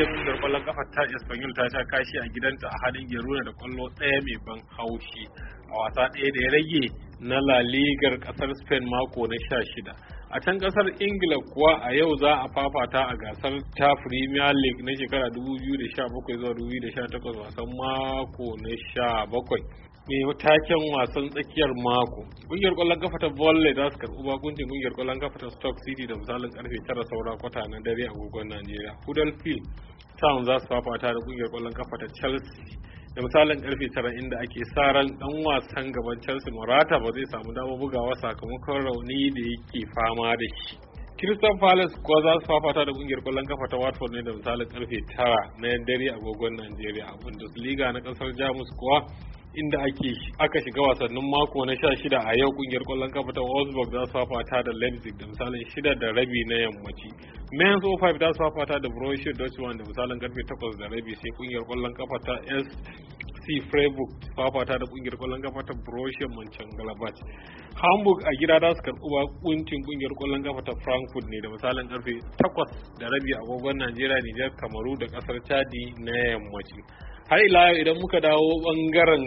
Jiya kungiyar kwallon kafa ta Espanyol ta sha kashi a gidanta a halin Girona da kwallo ɗaya mai ban haushi a wasa ɗaya da ya rage na La Ligar ƙasar Spain mako na sha shida. A can ƙasar Ingila kuwa a yau za a fafata a gasar ta Premier League na shekara 2017 zuwa 2018 wasan mako na sha bakwai. mai taken wasan tsakiyar mako kungiyar kwallon kafa ta volley za su karɓi bakuncin kungiyar kwallon kafa ta stock city da misalin karfe tara saura kwata na dare a agogon najeriya hudal field town za su fafata da kungiyar kwallon kafa ta chelsea da misalin karfe tara inda ake sa ran dan wasan gaban chelsea morata ba zai samu damar bugawa sakamakon rauni da yake fama da shi Crystal Palace kuwa za su fafata da kungiyar kwallon kafa ta Watford ne da misalin karfe tara na dare a agogon Najeriya a Bundesliga na kasar Jamus kuwa inda ake aka shiga wasannin mako na sha shida a yau kungiyar kwallon kafa ta Wolfsburg za su fafata da Leipzig da misalin shida da rabi na yammaci. Mainz 05 za su fafata da Borussia Dortmund da misalin karfe takwas da rabi sai kungiyar kwallon kafa ta SC Freiburg fafata da kungiyar kwallon kafa ta Borussia Mönchengladbach. Hamburg a gida za su karɓi bakuncin kungiyar kwallon kafa ta Frankfurt ne da misalin karfe takwas da rabi a gogon Najeriya, Nijar, Kamaru da kasar Chadi na yammaci. har ila idan muka dawo bangaren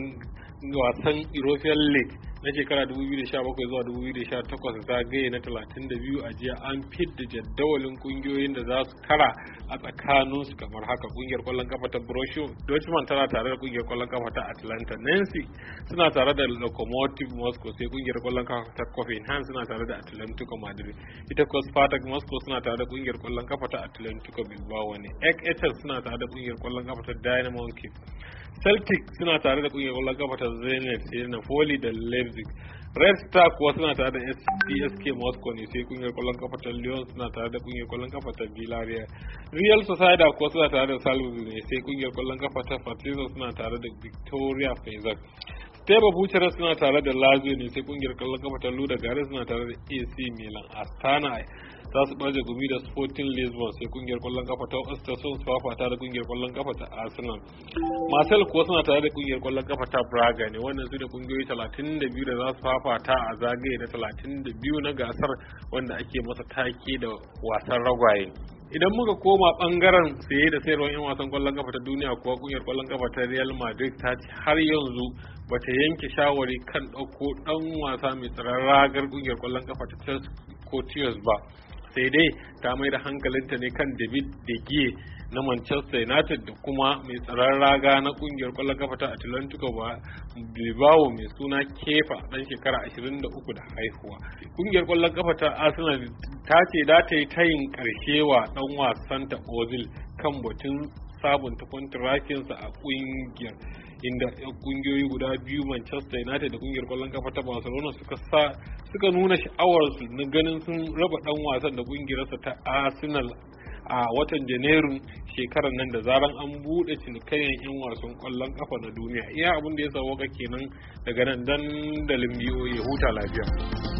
wasan european league na shekara 2017 zuwa 2018 zagaye na 32 a jiya an fidda jadawalin kungiyoyin da za su kara a tsakaninsu kamar haka kungiyar kwallon kafa ta Borussia Dortmund tana tare da kungiyar kwallon kafa ta Atlanta Nancy suna tare da Locomotive Moscow sai kungiyar kwallon kafa ta Copenhagen suna tare da Atlantico Madrid ita kuwa Spartak Moscow suna tare da kungiyar kwallon kafa ta Atlantico Bilbao ne. EKS suna tare da kungiyar kwallon kafa ta Dynamo Kiev celtic suna tare da kungiyar kwallon kafa ta zenit sai foley da leipzig red star kuwa suna tare da csk moscow ne sai kungiyar kwallon kafa ta lyon suna tare da kungiyar kwallon kafa ta villarreal real sociedad kuwa suna tare da salzburg ne sai kungiyar kwallon kafa ta partizan suna tare da victoria faisal Feba Bucharest suna tare da Lazio ne sai kungiyar kallon kafa ta da Gare suna tare da AC Milan. Astana za su barje gumi da Sporting Lisbon sai kungiyar kallon kafa ta sun su fafata da kungiyar kallon kafa ta Arsenal. Marcel kuwa suna tare da kungiyar kallon kafa ta Braga ne wannan su da kungiyoyi 32 da za su fafata a zagaye na 32 na gasar wanda ake masa take da wasan ragwaye. idan muka koma bangaren saye da sayarwar 'yan wasan kwallon kafa ta duniya kuwa kungiyar kwallon kafa ta real madrid ta har yanzu bata yanke shawari kan ɗauko ɗan wasa mai tsaron ragar kungiyar kwallon kafa ta chelsea ba sai dai ta mai da hankalinta ne kan david de gea na Manchester United da kuma mai tsaron raga na kungiyar kwallon kafa ta Atlantico ba Bilbao mai suna Kefa dan shekara 23 da haihuwa. Kungiyar kwallon kafa ta Arsenal ta ce za ta yi tayin karshe wa dan wasan ta Ozil kan batun sabunta kwantirakinsa a kungiyar inda kungiyoyi guda biyu Manchester United da kungiyar kwallon kafa ta Barcelona suka sa suka nuna sha'awarsu na ganin sun raba dan wasan da ƙungiyarsa ta Arsenal a watan janairun shekarar nan da zaran an buɗe cinikayyar 'yan wasan ƙwallon ƙafa na duniya iya abin da ya sauwaka kenan daga nan dandalin biyo ya huta lafiya